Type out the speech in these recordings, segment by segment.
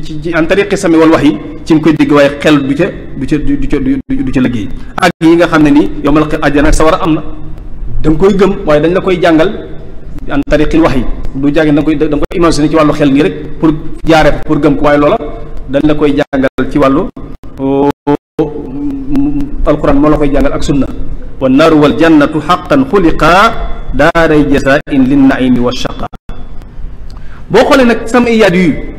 ci ci an tariqi sami wal wax yi ci nga koy dégg waaye xel du ca du ca du ca du ca liggéey ak yi nga xam ne nii yomal àjjana ak sawara am na da koy gëm waaye dañ la koy jàngal an tariqil wax yi du jàngi da nga koy da nga koy imaginer ci wàllu xel nii rek pour jaaree pour gëm ko waaye loola dañ la koy jàngal ci wàllu alquran moo la koy jàngal ak sunna wa naaru wal jannatu xaqan xuliqa daaray jasain lin naimi wa shaqa boo xoolee nag sama iyaat y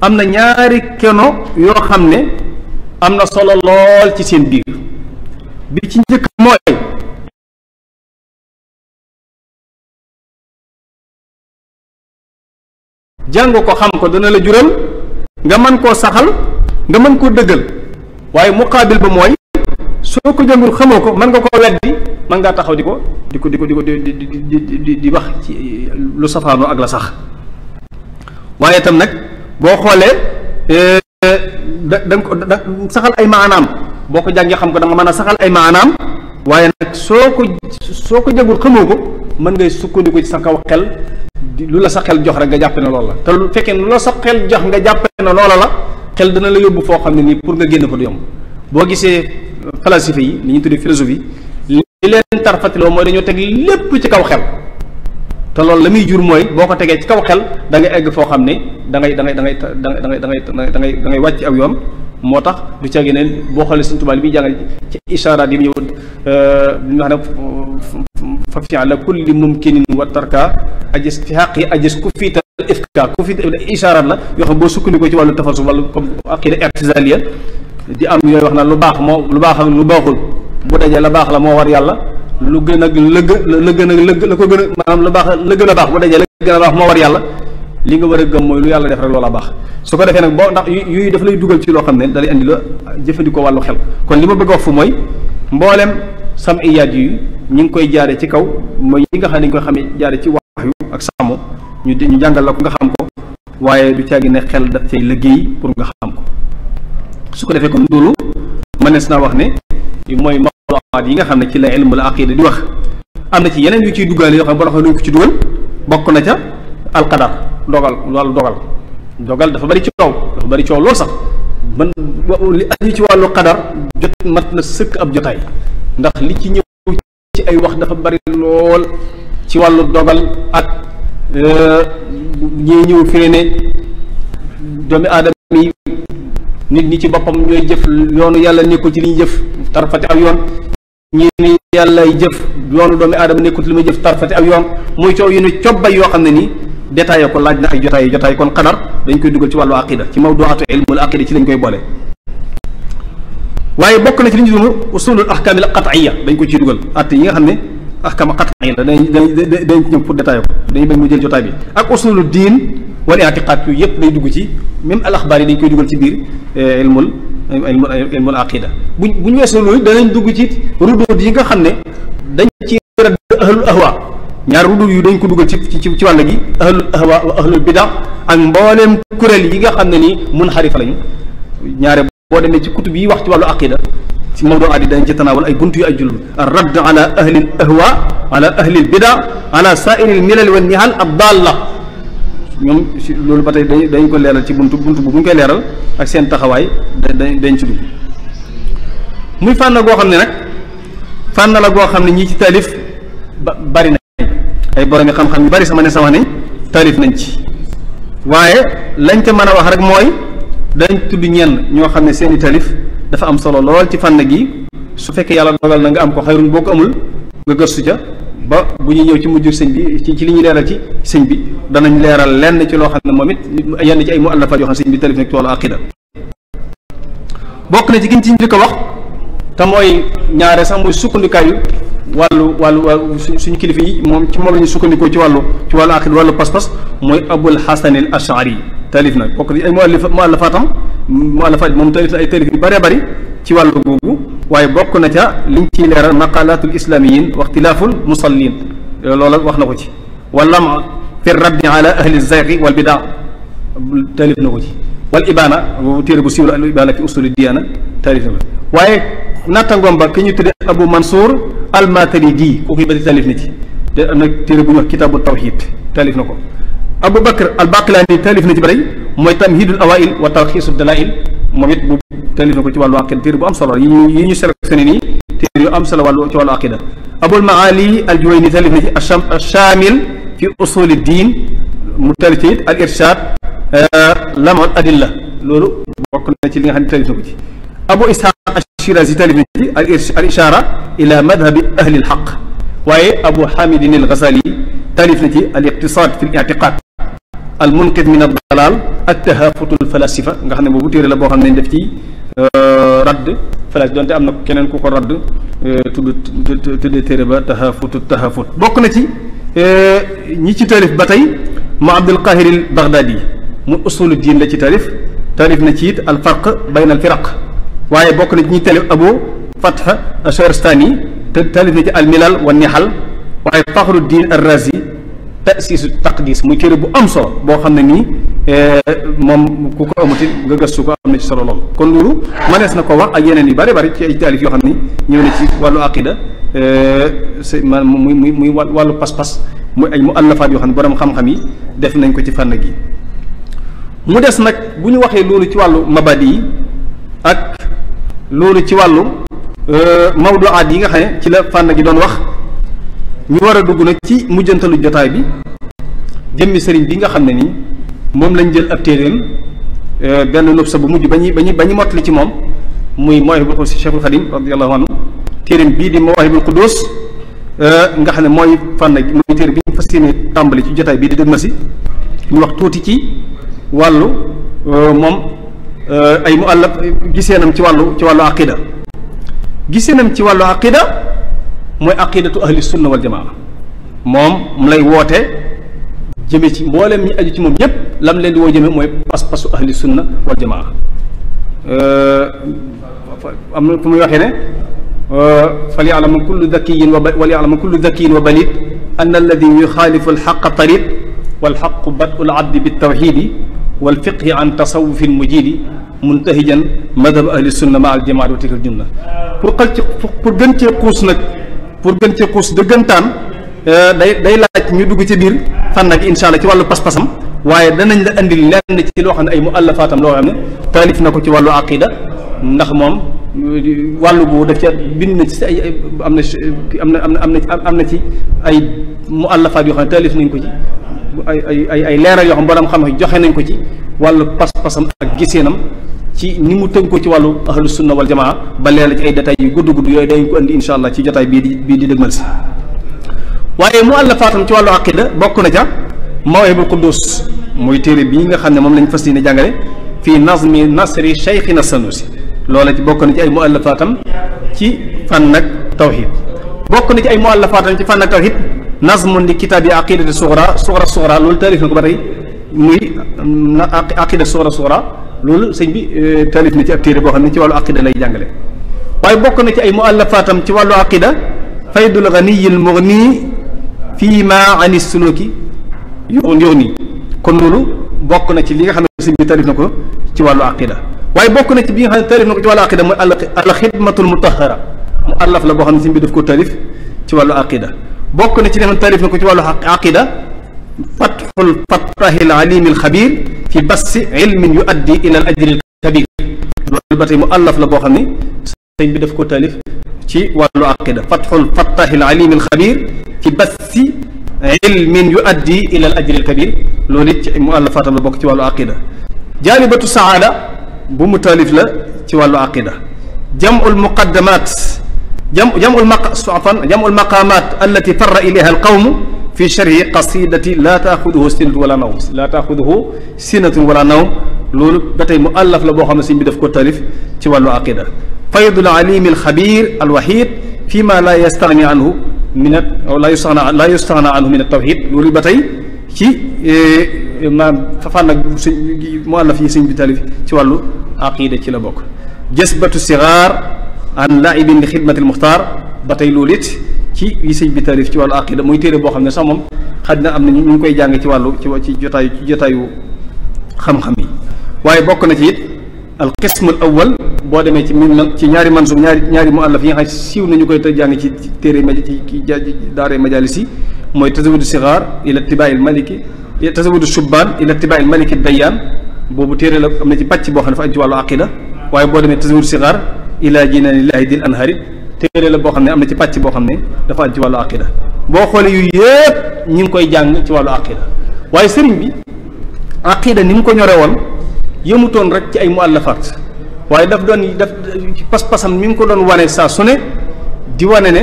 am na ñaari keno yoo xam ne am na solo lool ci seen biir bi ci njëkk mooy jàng ko xam ko dana la jural nga mën koo saxal nga mën koo dëggal waaye muqaabil ba mooy soo ko jàngul xamoo ko mën nga koo weddi mën ngaa taxaw di ko di ko di ko di ko di di di di wax ci lu safaanoo ak la sax waaye itam nag boo xoolee euh, da ko da saxal ay maanaam boo ko jàngee xam ko da mën a saxal ay maanaam waaye nag soo ko soo ko jagul xamoo ko mën ngay sukkandiku ci sa kaw xel lu la sa xel jox rek nga jàpp ne lool la te lu fekkee lu la sa xel jox nga jàpp ne loola la xel dana la yóbbu foo xam ne nii pour nga génn ko du yomb boo gisee falasife euh, yi li ñu tuddee philosophie li leen tarfatiloo mooy dañoo teg lépp ci kaw xel te loolu la muy jur mooy boo ko tegee ci kaw xel da ngay egg foo xam ne da ngay da ngay da ngay da ngay da ngay da ngay ngay wàcc aw yoon moo tax du cagi ne boo xoolee Sëriñ Tuubaa li muy jàngale ci ishaaraat yi mu ñëw li ñu wax ne fa fi ala kulli mumkinin wa tarka ajis fi xaq yi ajis ku fiita ifka ku fiita ishaaraat na yoo xam boo sukkandikoo ci wàllu tafasuf wala comme aqida artisalia di am yooyu wax na lu baax moo lu baax ak lu baaxul bu dajee la baax la moo war yàlla lu gën ak lëgg la gën ak lëgg la ko gën a maanaam la baax la gën a baax bu dajee la gën a baax moo war yàlla li nga war a gëm mooy lu yàlla def rek a baax su ko defee nag boo ndax yu yooyu daf lay dugal ci loo xam ne da indi andi la jëfandikoo wàllu xel kon li ma bëgg a fu mooy mbooleem sam iyaat yu ñu ngi koy jaare ci kaw mooy yi nga xam ne ñu koy xamee jaare ci wax yu ak sàmm ñu ñu jàngal la ko nga xam ko waaye du caagi ne xel daf cay liggéey pour nga xam ko su ko defee kon loolu mënees naa wax ne mooy mawduaat yi nga xam ne ci la ilmul aqida di wax am na ci yeneen yu ciy duggaale yoo xam ne boo xam ne ko ci dugal bokk na ca alqadar dogal wàllu dogal dafa bari ci coow dafa bari coow lool sax man li aju ci wàllu qadar jot mat na sëkk ab jotaay ndax li ci ñëw ci ay wax dafa bari lool ci wàllu dogal ak euh, ñi ñëw fii doomi aadama nit ñi ci boppam ñooy jëf yoonu yàlla nekku ci li ñu jëf tarfati ak yoon ñi ni yàllay jëf yoonu doomi aadama ci li muy jëf tarfati ak yoon muy coow yu ne cobbay yoo xam ne nii détaillé ko laaj na ay jotaay jotaay kon xadar dañ koy dugal ci wàllu aqida ci mawduatu ilmul ci lañ koy boole waaye bokk na ci li ñu duma usulul ahkaamil qat'iyya dañ ko ciy dugal at yi nga xam ne ahkaam qat'iyya la dañ dañ dañ ñëw pour détaillé ko dañ bañ mu jël jotaay bi ak usulul diin wal i'tiqaad yooyu yëpp day dugg ci même al axbaar yi dañ koy dugal ci biir eh, ilmul ilmul ilmul aqida buñ bu ñu weesoo loolu danañ dugg ci ruduud yi nga xam ne dañ ci radd ahlul ahwa ñaar ruduud yu dañ ko dugal ci ci ci wàll gi ahlul ahwa wa ahlul bida ak mbooleem kuréel yi nga xam ne nii munxarif lañu ñaare boo demee ci kutub yi wax ci wàllu aqida ci mawduaat yi dañ ci tanaawal ay buntu yu ajjul radd ala ahlil ahwa ala ahlil bida ala saairil milal wa nihal ad dalla ñoom si loolu ba tey dañ dañ ko leeral ci buntu buntu bu buñ koy leeral ak seen taxawaay dañ dañ ci dugg muy fànn goo xam ne nag fànn la goo xam ne ñii ci taalif ba bari na ay borom yi xam-xam yu bari sama ne sama ne taalif nañ ci waaye lañ ca mën a wax rek mooy dañ tudd ñenn ñoo xam ne seeni taalif dafa am solo lool ci fànn gi su fekkee yàlla dogal na nga am ko xayrun boo ko amul nga gëstu ca ba bu ñuy ñëw ci mujj sëñ bi ci ci li ñuy leeral ci sëñ bi danañ leeral lenn ci loo xam ne moom it yenn ci ay mu àllafaat yoo xam sëñ bi tëlif nag ci bokk na ci giñ ci njëkk a wax te mooy ñaare sax muy sukkandikaayu wàllu wàllu suñu kilifa yi moom ci moom la ñu sukkandikoo ci wàllu ci wàllu aqida wàllu pas-pas mooy abul xasanil ashari tëlif nag bokk na ci ay mu àllafaatam mu àllafaat moom tëlif na ay tëlif yu bëree bëri ci wàllu googu waaye bokk na ca liñ ciy leeral maqalatul islamiyin waxtilaaful musallin loola wax na ko ci fi raddi ala ahli zayqi wal bidaa taalif na ko ci wal ibaana boobu téere bu siiwul al ibaana fi usuli diyaana taalif na ko waaye nattangoom ba ki ñu tudde abu mansour al mataridi kooku yi ba taalif na ci te am na téere bu ñuy wax kitaabu tawhid taalif na ko abu bakr al baqlaani taalif na ci ba tey mooy tamhidul awail wa talxiisu dalail moom it bu taalif na ko ci wàllu aqida téere bu am solo yi ñu yi ñu sélectionné nii téere yu am solo wàllu ci wàllu aqida abul maali al juwayni taalif na ci asham shamil ci usuli diin mu tali ci it eh, al irshaad lamoon adilla loolu bokk na ci li nga xam ne talif na ko ci abu ishaaq ashirazi talif na ci al ishaara ila madhabi ahli alxaq waaye abu xamidin al gasali talif na ci al iqtisaad fi al itiqaad al munqid min ad-dalaal ak tahafutul falasifa nga xam ne boobu téere la boo xam ne def ci eh, radd falas donte am na keneen ku ko radd eh, tudd tudd téere ba tahafutut tahafut bokk na ci Eh, ñi ci taalif ba tey ma Abdul Qahir al Baghdadi mu usulu diin la ci taalif taalif na ci it al farq bayna al firaq waaye bokk na ci ñi taalif Abu Fatha Shahrastani te taalif na ci al milal wa nihal waaye Faxru diin ar Razi tasiisu taqdis muy téere bu am solo boo xam ne nii. Eh, moom ku ko amati nga gëstu ko am na ci sololoo lool kon loolu manees na ko wax ak yeneen yi bari bari ci ay taalif yoo xam ni ñëw na ci wàllu aqida c'est eh, man muy muy muy wàllu pas-pas muy ay mu allafaat yoo xam ne borom xam-xam yi def nañ ko ci fànn gi mu des nag bu ñu waxee loolu ci wàllu mabadi yi ak loolu ci wàllu eh, mawduaat yi nga xam ne ci la fànn gi doon wax ñu war a dugg nag ci mujjantalu jotaay bi jëmmi sëriñ bi nga xam ne nii moom lañ jël ab téeréem euh, benn nopp bu mujj ba ñuy ba ñuy ba mottali ci moom muy Mawahibul Quddus Cheikhul Khadim radiyallahu anhu téeréem bii di Mawahibul Quddus euh, nga xam ne mooy fànn muy bi ñu fas yéene tàmbali ci jotaay bi di dëgma si ñu wax tuuti ci wàllu euh, moom ay mu àllaf giseenam ci wàllu ci wàllu aqida giseenam ci wàllu aqida mooy aqidatu ahli sunna wal moom mu lay woote jëme ci mbooleem ñi aju ci moom ñëpp lam leen di woo jëme mooy pas-pasu ahli sunna wal jamaa am na fu muy waxee ne fal yaalama kullu dakiyin wa wal yaalama kullu dakiyin wa balid an alladi yuxaalifu alxaqa tarid walxaqu badu labdi bitawxidi walfiqhi an tasawufin mujidi muntahijan madhab ahli sunna ma aljamaat wa tilkal jumla pour xal ci pour gën cee xuus nag pour gën cee xuus dëggantaan eh, day day laaj ñu dugg ci biir fànn ak incha allah ci wàllu pas-pasam waaye danañ la andil lenn ci loo xam ne ay mu allafaatam loo xam ne taalif na ko ci wàllu aqida ndax moom wàllu bu daf ci bind na ci ay am na am na am na am na ci ay mu allafaat yoo xam ne nañ ko ci ay ay ay leeral yoo xam borom xam joxe nañ ko ci wàllu pas-pasam ak giseenam ci ni mu tënk ko ci wàllu ahlu sunna wal jamaa ba leeral ci ay détails yu gudd gudd yooyu dañ ko andi incha allah ci jotaay bii di bii di dëgmal si. waaye mu àllafaatam ci wàllu aqida bokk na ca mawahibul quddus muy téere bii nga xam ne moom lañ fas yéene jàngale fii nazmi nasri cheikhina sanusi loola ci bokk na ci ay mu àllafaatam ci fànn nag tawhid bokk na ci ay mu àllafaatam ci fànn nag tawhid nazmun li kitaabi aqidati suxra suxra suxra loolu taalif na ko ba tey muy aqida suxra suxra loolu sëñ bi e, taalif na ci ab téere boo xam ne ci wàllu aqida lay jàngale waaye bokk na ci ay mu àllafaatam ci wàllu aqida faydul ganiyil mugni fii ma ani suluki yoon yoon yi kon loolu bokk na ci li nga xam ne sëñ bi taalif na ko ci wàllu aqida waaye bokk na ci bi nga xam ne taalif na ko ci wàllu aqida mooy al xidmatul mutahara mu àllaf boo xam ne sëñ bi daf ko taalif ci wàllu aqida bokk na ci li nga xam ne taalif na ko ci wàllu aqida fatxul fattahil alimil xabir fi bassi ilmin yu addi ila al ajril kabir loolu ba tey mu àllaf la boo xam ne sëñ bi def ko taalif ci wàllu aqida fatxul fattaxil alimil xabir fi bassi ilmin yu addi ila al ajril kabir loolu it ci mu àllafaatam la bokk ci wàllu aqida jaalibatu saada bu mu taalif la ci wàllu aqida jam'ul muqaddamat jam jam'ul maq afan jam'ul maqamat allati farra ilayha al qawmu fi sharhi qasidati laa taaxuduhu sinatun wala nawm laa taaxuduhu sinatun wala nawm loolu ba tey mu àllaf la boo xam ne sëñ bi def ko taalif ci wàllu aqida faydul alimi alxabir alwahid fii ma laa yastagni anhu min a laa yustagna laa yustagna anhu min altawhid loolu ba tey ci eh, maam fafaan nag sëñ mu àllaf yi sëñ bi taalif ci wàllu aqida ci la bokk jësbatu sigaar an laibin li xidmati almuxtaar ba tey loolu ci yi bi taalif ci wàllu aqida muy téere boo xam ne sax moom xaj na am na ñu ngi koy jàng ci wàllu ci ci jotaayu ci jotaayu xam-xam yi waaye bokk na ci it al qism al awal boo demee ci min ci ñaari mansub ñaari ñaari muallaf yi nga xam siiw nañu koy jàng ci téere ci daare majalis yi mooy tazawudu sigaar ila tibaayil maliki tazawudu subbaan ila tibaayil maliki dayyaan boobu téere la am na ci pàcc boo xam ne dafa am ci wàllu aqida waaye boo demee tazawudu sigaar ila jinaanillaahi dil anharit téere la boo xam ne am na ci pàcc boo xam ne dafa am ci wàllu aqida boo xoolee yu yëpp ñu ngi koy jàng ci wàllu aqida waaye sëriñ bi aqida ni mu ko ñore woon yëmutoon rek ci ay muallafaat waaye daf doon daf pas-pasam mi ngi ko doon wane saa su ne di wane ne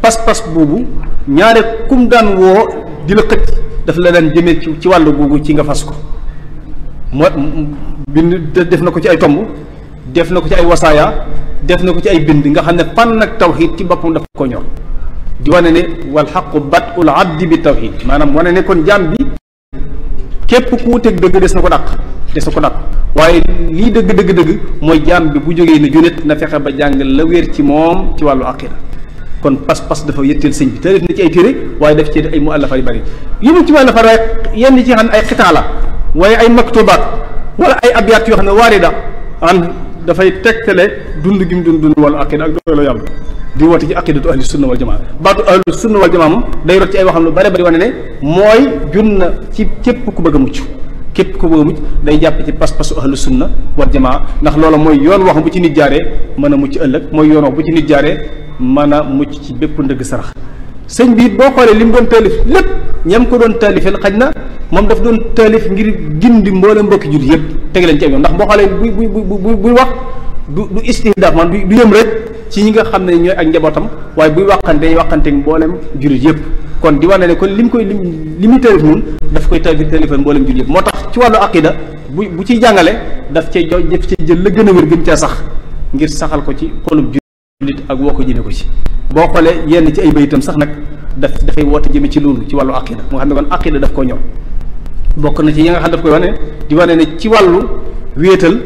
pas-pas boobu ñaare kum daan woo di la xëcc daf la daan jëmee ci ci wàllu googu ci nga fas ko moo bind def na ko ci ay tomb def na ko ci ay wasaaya def na ko ci ay bind nga xam ne fànn ak tawxiid ci boppam dafa ko ñor di wane ne wal xaqu bat ul abdi bi tawxiid maanaam wane ne kon jaam bi képp ku wuteeg dëgg des na ko dàq te su ko nag waaye lii dëgg dëgg dëgg mooy jaam bi bu jógee ne junet na fexe ba jàng la wér ci moom ci wàllu aqida kon pas-pas dafa yëtteel sëñ bi taalif na ci ay téere waaye daf ci ay muallafa yu bari yëmul ci muallafa rek yenn ci xam ne ay xitaa la waaye ay maktubaat wala ay abyaat yoo xam ne waarida an dafay tegtale dund gi mu dund dund wàllu aqida ak doy la yàlla di woote ci aqidatu ahli sunna wal jamaa baatu ahli sunna wal jamaa moom day rot ci ay waxam lu bare bari wane ne mooy junna ci képp ku bëgg a mucc képp ko bëgg a mucc day jàpp ci pas-pasu ahlu na wal jamaa ndax loola mooy yoon wax bu ci nit jaaree mën a mucc ëllëg mooy yoon wax bu ci nit jaaree mën a mucc ci bépp ndëgg sarax sëñ bi boo xoolee li mu doon taalif lépp ñam ko doon taalifel xaj na moom daf doon taalif ngir gindi mboolem mbokki jur yëpp teg leen ci am yoon ndax boo xoolee bu bu bu buy wax du du istihdaaf man du yëm rek ci ñi nga xam ne ñooy ak njabootam waaye buy waxante dañuy waxante mboolem jullit yëpp kon di wane ne kon li mu koy lim li mu tërif nun daf koy tërif tërifal mboolem jullit yëpp moo tax ci wàllu aqida bu bu ciy jàngale daf cee jo daf cee jël la gën a wér gën cee sax ngir saxal ko ci xolub jullit ak woo ko jëne ko ci boo xoolee yenn ci ay bayitam sax nag daf dafay woote jëme ci loolu ci wàllu aqida moo xam ne kon aqida daf koo ñor bokk na ci yi nga xam daf koy wane di wane ne ci wàllu wéetal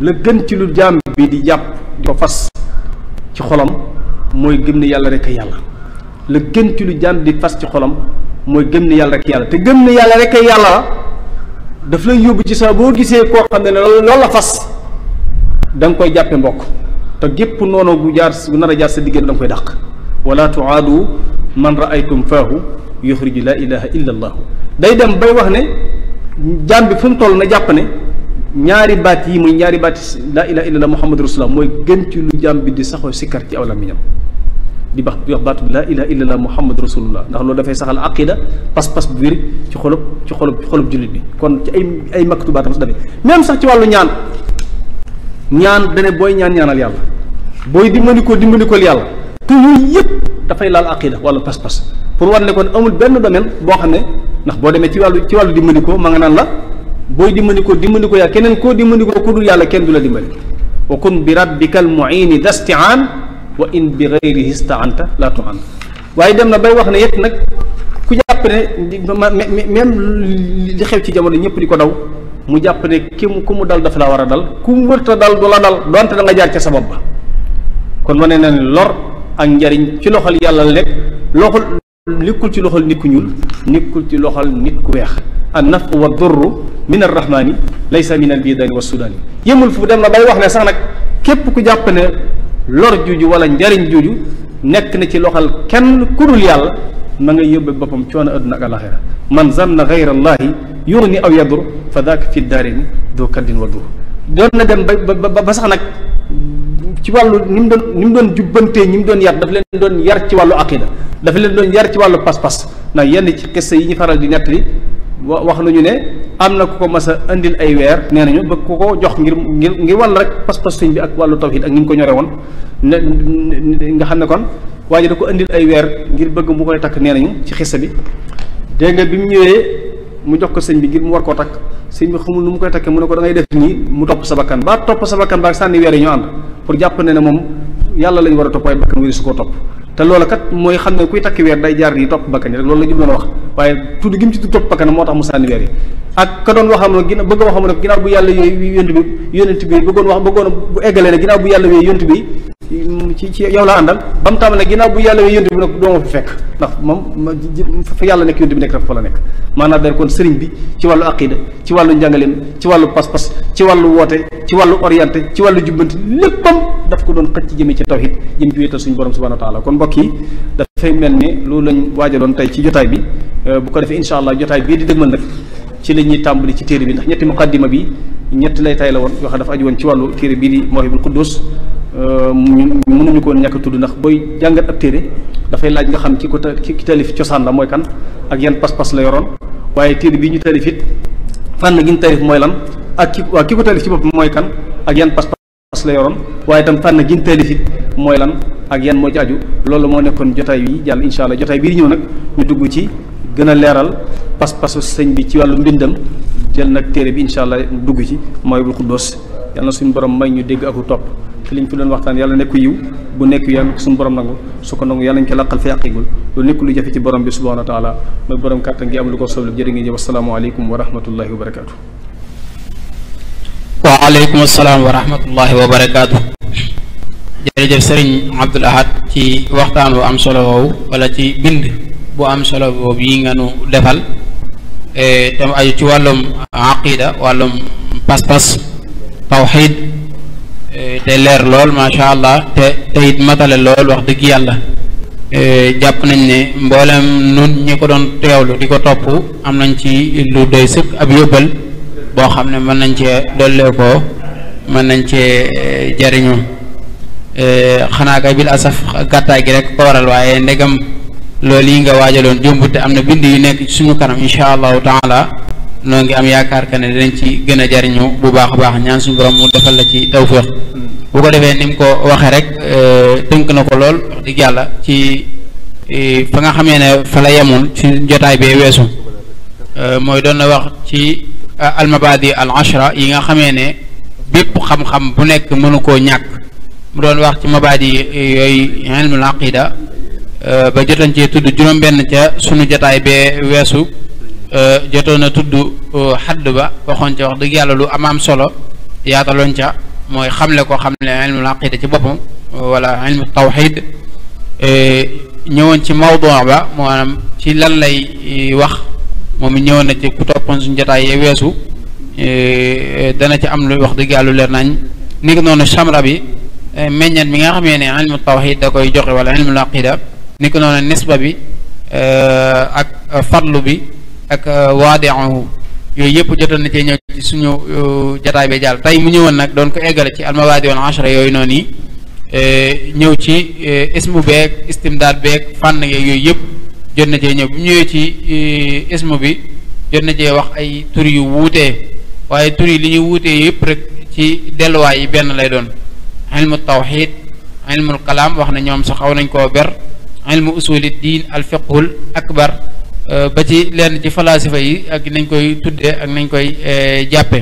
la gën ci lu jaam bi di jàpp di ko fas ci xolam mooy gëm ne yàlla rek a yàlla la gën ci lu jaam di fas ci xolam mooy gëm ne yàlla rek yàlla te gëm ne yàlla rek a yàlla daf lay yóbbu ci sax boo gisee koo xam ne ne la fas danga koy jàppe mbokk te gépp noonu gu jaar gu nar a jaar sa diggante da koy dàq wala tuaadu man raaytum faahu yuxriju laa ilaha illa allahu day dem bay wax ne jaam bi fu mu toll na jàpp ne ñaari baat yi muy ñaari baat la ilaha illallah muhammadu rasulullah mooy gën ci lu jàmm bi di saxoo sikkar ci aw làmmiñam di bax di wax baatu la ilaha illallah muhammadu rasulullah ndax loolu dafay saxal aqida pas-pas bu wér ci xolub ci xolub ci xolub jullit bi kon ci ay ay maktubaatam sax dafay même sax ci wàllu ñaan ñaan dane booy ñaan ñaanal yàlla booy dimbali ko dimbali ko yàlla te yooyu yëpp dafay laal aqida wala pas-pas pour war ne kon amul benn domaine boo xam ne ndax boo demee ci wàllu ci wàllu dimbali ko ma nga naan la booy dimbali ko dimbali ko yàlla keneen koo dimbali ko ku dul yàlla kenn du la dimbali wa kon bi rabbika al muini dastiaan wa in bi gayrihi istaanta la tuan waaye dem na bay wax ne yépp nag ku jàpp ne même li xew ci jamono ñëpp di ko daw mu jàpp ne ki mu ku mu dal dafa la war a dal ku mu wërta dal du la dal donte da nga jaar ca sabab ba kon wane na ne lor ak njariñ ci loxol yàlla la nekk loxol nekkul ci loxol nit ku ñuul nekkul ci loxol nit ku weex an naf wa durru min arrahmani laysa min albidaani wa sudaani yëmul fu dem na bay wax ne sax nag képp ku jàpp ne lor juuju wala njariñ juuju nekk na ci loxol kenn ku dul yàlla na nga yóbbe boppam coono adduna ak alaxira man zanna gayra allahi yugni aw yadur fa daaka fi daarini doo kaddin wa dur doon na dem ba ba sax nag ci wàllu ni mu doon ni mu doon jubbantee ñi mu doon yar dafa leen doon yar ci wàllu aqida dafa leen doon yar ci wàllu pas-pas ndax yenn ci xissa yi ñu faral di nettali wax nañu ne am na ku ko mas a indil ay weer nee nañu ba ko ko jox ngir ngir ngir wàll rek pas-pas sëñ bi ak wàllu tawhid ak ni mu ko ñore woon ne nga xam ne kon waaye da ko indil ay weer ngir bëgg mu koy takk nee nañu ci xissa bi dégg bi mu ñëwee mu jox ko sëñ bi ngir mu war koo takk sëñ bi xamul nu mu koy takkee mu ne ko da def nii mu topp sa bakkan ba topp sa bakkan baak sànni weer yi ñoo ànd pour jàpp ne ne moom yàlla lañ war a topp waaye bakkan wi su ko topp te loola kat mooy xam ne kuy takki weer day jaar nii topp bakkan yi rek loolu la ñu doon wax waaye tudd gi mu ci tudd topp bakkan moo tax mu sànni weer yi ak ka doon waxam ne gina a waxam ne ginnaaw bu yàlla yooyu yónent bi yónent bi bëggoon ci ci yow àndal ba mu tàmbalee ginnaaw bu yàlla yooyu yónent bi ma fi fekk ndax moom fa yàlla nekk yónent bi nekk dafa fa la nekk maanaam dañ kon sëriñ bi ci wàllu aqida ci wàllu njàngaleem ci wàllu pas-pas ci wàllu woote ci wàllu orienté ci wàllu jubbanti léppam daf ko doon xëcc jëm kon mbokk yi dafay mel ni loolu lañ waajaloon tey ci jotaay bi euh, bu ko defee incha allah jotaay bii di dëgmal nag ci la ñuy tàmbali ci téere bi ndax ñetti muqaddima bi ñetti lay tay la woon yoo dafa aju woon ci wàllu téere bii di Mawahibul Quddus euh, ñu mënuñu ko ñàkk tudd la mooy kan ak yan pas-pas la yoroon waaye téere bii pas-pas la yoroon waaye itam fànn gin mooy lan ak yan moo ci aju loolu moo nekkoon jotaay bi jàll incha allah jotaay bii di ñëw nag ñu dugg ci gën a leeral pas-pasu sëñ bi ci wàllu mbindam jël nag téere bi incha allah dugg ci mooy bul xuddoos yàlla na suñu borom may ñu dégg aku topp te liñ fi doon waxtaan yàlla nekku yiw bu nekk yàlla na ko suñu borom nangu su ko nangu yàlla nañu ko laqal fi àqigul lu nekk jafe ci borom bi subhanahu wa taala mooy borom kàttan ko soobee jërë ngeen jëf asalaamaaleykum wa rahmatullahi wa barakaatu. waaleykum salaam wa rahmatullahi wa barakaatu. jërëjëf sëriñ Abdul Ahad ci waxtaan bu am solo walla ci bind bu am solo boobu yi nga nu defal e, te mu aju ci wàllum aqida wàllum pas-pas tawxiid e, te leer lool macha allah te te it matale lool wax dëgg yàlla. E, jàpp nañ ne mboolem nun ñi ko doon teewlu di ko topp am nañ ci lu doy sëkk ab yóbbal. boo xam ne mën nañ cee dollee ko mën nañ cee eh, jariñu eh, xanaa ka bil asaf gàttaay gi rek ko waral waaye ndegam lool yi nga waajaloon jombut te am na bind yu nekk ci suñu kanam incha allahu taala noo ngi am yaakaar que ne danañ ci gën a jariñu bu baax a baax ñaan suñu borom mu defal la ci tawfiq bu ko defee ni ko waxee rek eh, tënk na ko lool wax dëgg yàlla ci fa nga xamee ne fa la yemoon ci jotaay bee weesu mooy doon na wax ci Euh, almabadi al ashra yi nga xamee ne bépp xam-xam bu nekk mënu koo ñàkk mu doon wax ci mabaadi yooyu ilmul aqida euh, ba jotoon cee tudd juróom-benn ca sunu jataay bee weesu euh, jotoon a tudd xadd ba waxoon ca wax dëgg yàlla lu amaam solo yaataloon ca mooy xamle ko xam ne ilmul aqida ci boppam wala ilmu tawxid ñëwoon ci mawduu ba maanaam ci lan lay wax moom it ñëwoon na ci ku toppoon suñu jotaay weesu e, e, dana ci am lu wax dëgg yàlla leer nañ ni ko noonu samra bi e, meññeent bi nga xamee ne ilmu tawhid da koy joxe wala ilmu aqida ni ko noonu nisba bi ak fadlu bi ak waadi'uhu yooyu yëpp jotoon na cee ñëw ci suñu jataay bi jàll tey mu ñëwoon nag doon ko eggale ci almawaadi woon ashra yooyu noonu yi ñëw ci ismu beeg istimdaad beeg fànn yooyu yëpp jot na cee ñëw bu ñëwee ci eh, ismu bi jot na cee wax ay tur yu wuutee waaye tur yi li wuutee yëpp rek ci delluwaay benn lay doon ilmu tawxid ilmul kalaam wax na ñoom sa nañ koo ber ilmu usuli diin al fiqhul eh, ba ci lenn ci falaasifa ak nañ koy tuddee ak nañ koy eh, jàppe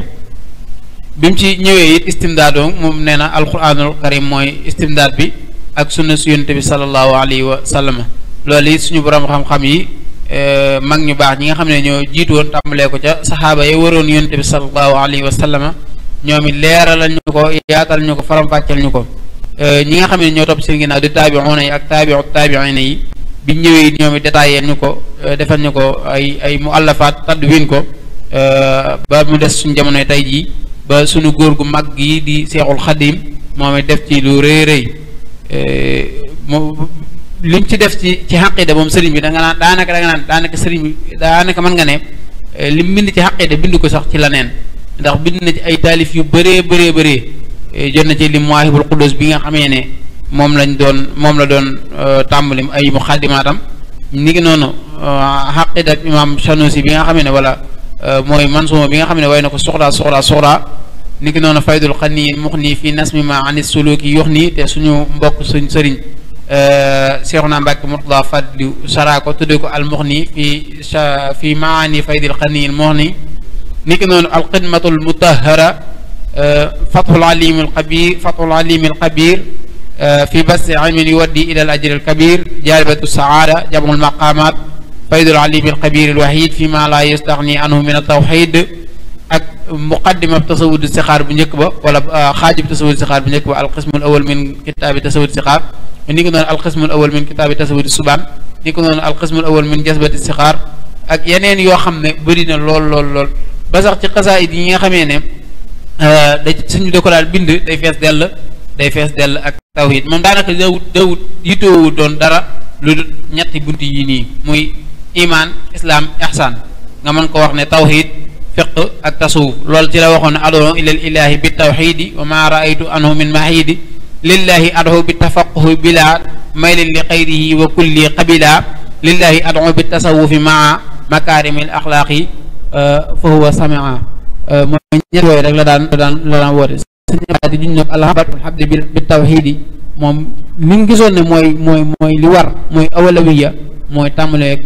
bi mu ci ñëwee it istimdaadoo moom nee na alquranul karim mooy istimdaad bi ak sunna su yonent bi sallallahu alayhi wa loolu it suñu borom xam-xam yi eh, mag ñu baax ñi nga xam ne ñoo jiitu woon tàmbalee ko ca saxaaba yi waroon yonent bi sallallahu alayhi wa sallama ñoom it leeralal ñu ko yaatal ñu ko faram ñu ko eh, ñi nga xam ne ñoo topp seen ginnaaw di taabiuuna yi ak taabiu taabiina yi bi ñëwee it ñoom it détaillé ñu ko eh, defal ñu ko ay ay muallafaat tadwin ko ba mu des suñu jamonoy tey jii ba suñu góor gu mag yi di seexul xadim moom it def ci lu rëy rëy luñ ci def ci ci xaqida moom sëriñ bi da nga naan daanaka da nga naan daanaka sëriñ bi daanaka mën nga ne eh, lim bind ci xaqida bind ko sax ci la neen ndax bind na ci ay taalif yu bëree bëree bëree eh, jot na ci lim waahibul qudus bi nga xamee ne moom lañ doon moom la doon eh, tàmbalim ay muxaddimaatam ni ngi noonu xaqida ak imaam Sanusi bi nga xamee ne wala mooy mansuma bi nga xam ne way na ko soxlaa soxlaa soxlaa ni ngi noonu faydul xani muxni fi nasmi ma anis suluki yox nii te suñu mbokk suñ sëriñ Seexuna eh, Mbàkke Murtada Fadli saraa ko tuddee ko almuxni fi fi maani faydil xani almuxni niki noonu alxidmatul mutahara eh, fathul alim alxabir fathul alim alxabir eh, fi basti ilmin yuwaddi ila al ajri alkabir jalibatu saada jamul maqamat faydul alim alxabir alwahid fi ma la yastaxni anhu min altawxid ak muqaddima tasawud sixaar bu njëkk ba wala xaajib tasawud sixaar bu njëkk ba alqismu alawal min kitaabi tasawud sixaar ni ko noonu alxismul awal min kitaabi tasawudi subaan ni ko noonu alxismul awal min jasbati sixaar ak yeneen yoo xam ne bëri na lool lool lool ba sax ci xasaayid yi nga xamee ne euh, da suñu da ko daal bind day fees dell day fees dell ak tawhid moom daanaka dawut dawut yitoowu doon dara lu ñetti bunt yi nii muy imaan islaam ihsaan nga mën ko wax ne tawhid fiq ak tasawuf loolu ci la waxoon ne adoo ilal ilaahi bi tawhidi wa ma raaytu anhu min mahidi lillahi ad'u bi tafaquhi bila maylin li xayrihi wa kulli qabila lillahi ad'u bi tasawufi maa makaarimi l axlaaqi uh, fa huwa samia uh, mooy ñett yooyu rek la daan la daan la daan woote sëñ di juñ moom li ñu gisoon ne mooy mooy mooy li war mooy awalawiya mooy tàmbaleeg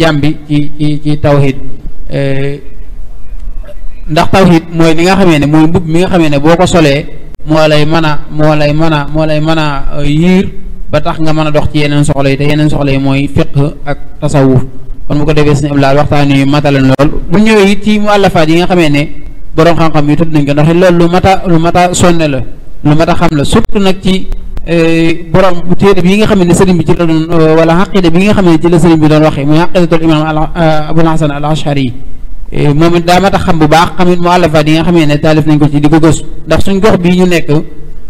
uh, bi ci ci mooy li nga xamee ne mooy mbubb mi nga xamee ne boo ko solee moo lay mën a moo lay mën a moo lay mën a euh, yiir ba tax nga mën a dox ci yeneen soxla yi te yeneen soxla yi mooy fiq ak tasawuf kon bu ko defee sëñ Abdoulaye waxtaan yu matalan lool bu ñëwee it ci muallafaat yi nga xamee ne boroom xam-xam yi tudd nañ ko ndax loolu lu mata lu mata sonne la lu mata xam la surtout nag ci euh, borom téere bi nga xam ne sëriñ bi ci la doon euh, wala xaqida bi nga xam ne ci la sëriñ bi doon waxee muy xaqidatul imam abul hasan al ashari Eh, moom it daa mat a xam bu baax xam it mu àllafaat yi nga xamee ne taalif nañ ko ci di ko gëstu ndax suñ gox bii ñu nekk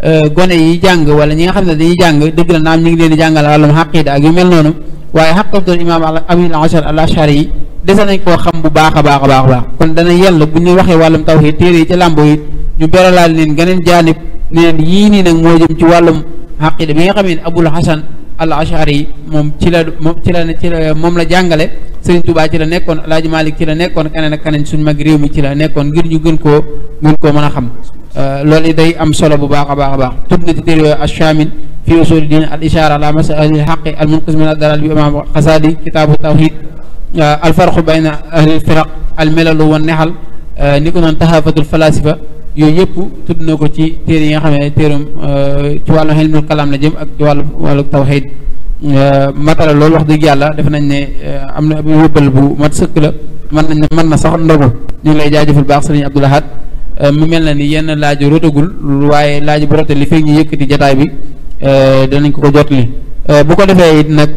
eh, gone yi jàng wala ñi nga xam ne dañuy jàng dëgg la na am ñu ngi leen di jàngal wàllum xaqiida ak yu mel noonu waaye xaqatul imaam abil ashar al ashari yi dese nañ koo xam bu baax a baax a baax a kon dana yàlla bu ñu waxee wàllum tawxiid téere yi ca làmbo yi ñu beralaal leen jaanib ne yii nii nag moo jëm ci wàllum xaqiida bi nga xamee ne abul hasan al ashari moom ci la moom ci la ci moom la jàngale Serigne tubaa ci la nekkoon Alaaji Malik ci la nekkoon keneen ak keneen suñ mag réew mi ci la nekkoon ngir ñu gën ko gën koo mën a xam euh, loolu day am solo bu baax a baax a baax tudd na ci téere yooyu ashamin fi usuli din al ishara ala masail xaqi al munqis min al dalal bi imam xasadi kitaabu tawhid euh, al farqu bayna ahli firaq al melalu wa nexal euh, ni ko noon tahafatul falasifa yooyu yëpp tudd na ko ci téere yi nga xam ne téeram euh, ci wàllu xilmul kalaam la jëm ak ci wàllu wàllu tawxiid matala euh, loolu wax dëgg yàlla def nañ ne euh, am na yóbbal bu mat sëkk la mën nañ ne man na sax ndogu ñu ngi lay jaajëful baax sëriñ Abdou Lahad mu mel na ni yenn laaj rotagul waaye laaj bu rote li fekk ñu yëkkati jataay bi danañ ko ko jot li bu ko defee it nag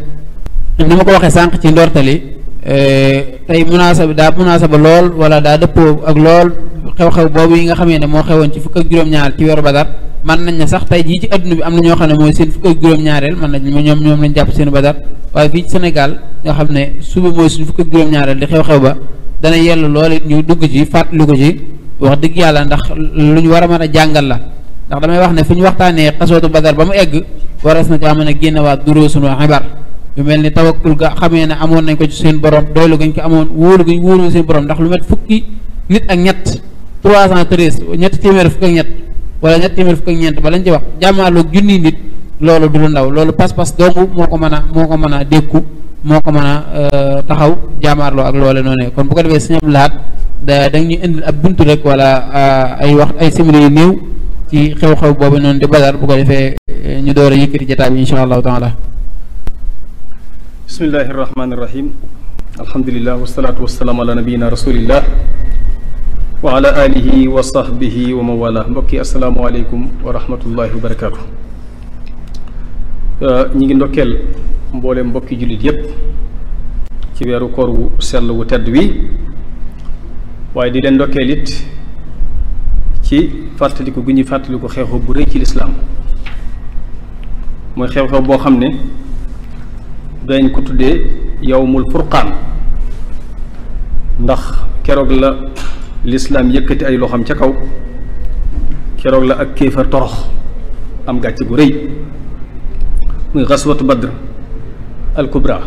ni ma ko waxee sànq ci ndortali Eh, tey munaasaba daa munaasaba lool wala daa dëppoo ak lool xew-xew boobu yi nga xamee ne moo xewoon ci fukk ak juróom-ñaar ci weeru badar mën nañ na sax tey jii ci adduna bi am na ñoo xam ne mooy seen fukk ak juróom-ñaareel mën nañ ñoom ñoom lañ jàpp seen badar waaye fii ci Sénégal nga xam ne suba mooy suñu fukk ak juróom-ñaareel di xew-xew ba dana yell lool it ñu dugg ci lu ko ci wax dëgg yàlla ndax lu ñu war a man a jàngal la ndax damay wax ne fu ñu waxtaanee xasootu ba mu egg waras na caa mën a génnewaat duróosun wa lu mel ni tawakkul ga xamee ne amoon nañ ko ci seen borom doylu gañ ko amoon wóolu gañ wóolu seen borom ndax lu met fukki nit ak ñett trois cent treize ñetti téeméer fukk ak ñett wala ñetti téeméer fukk ak ñeent ba lañ ci wax jàmmaaloog junniy nit loolu du lu ndaw loolu pas-pas dong moo ko mën a moo ko mën a dékku moo ko mën a euh, taxaw jaamaarloo ak loole noonu kon bu ko defee sëñ laat da da indi indil ab buntu rek wala euh, ay wax ay simili yu néew ci xew-xew boobu noonu di badar bu ko defee euh, ñu door a yëkkati jotaay bi incha allahu taala bismillahi irrahmani irrahim alhamdulilah wasalaatu wasalaam ala nabiyina rasulillah wa ala alihi wa sahbihi wa mawala mbokki asalaamualeykum wa rahmatullahi wa barakaatu uh, ñi ngi ndokkeel mboole mbokki jullit yépp ci weeru koor wu sell wu tedd wi waaye di leen ndokkeel it ci fàttaliku gu ñuy fàttaliku xew-xew bu rëy ci lislaam mooy xew boo xam ne dañ ko tuddee yow yowmul furqaan ndax keroog la lislaam yëkkati ay loxoom ca kaw keroog la ak kéefar torox am gàcce gu rëy muy xaswatu badr al kubra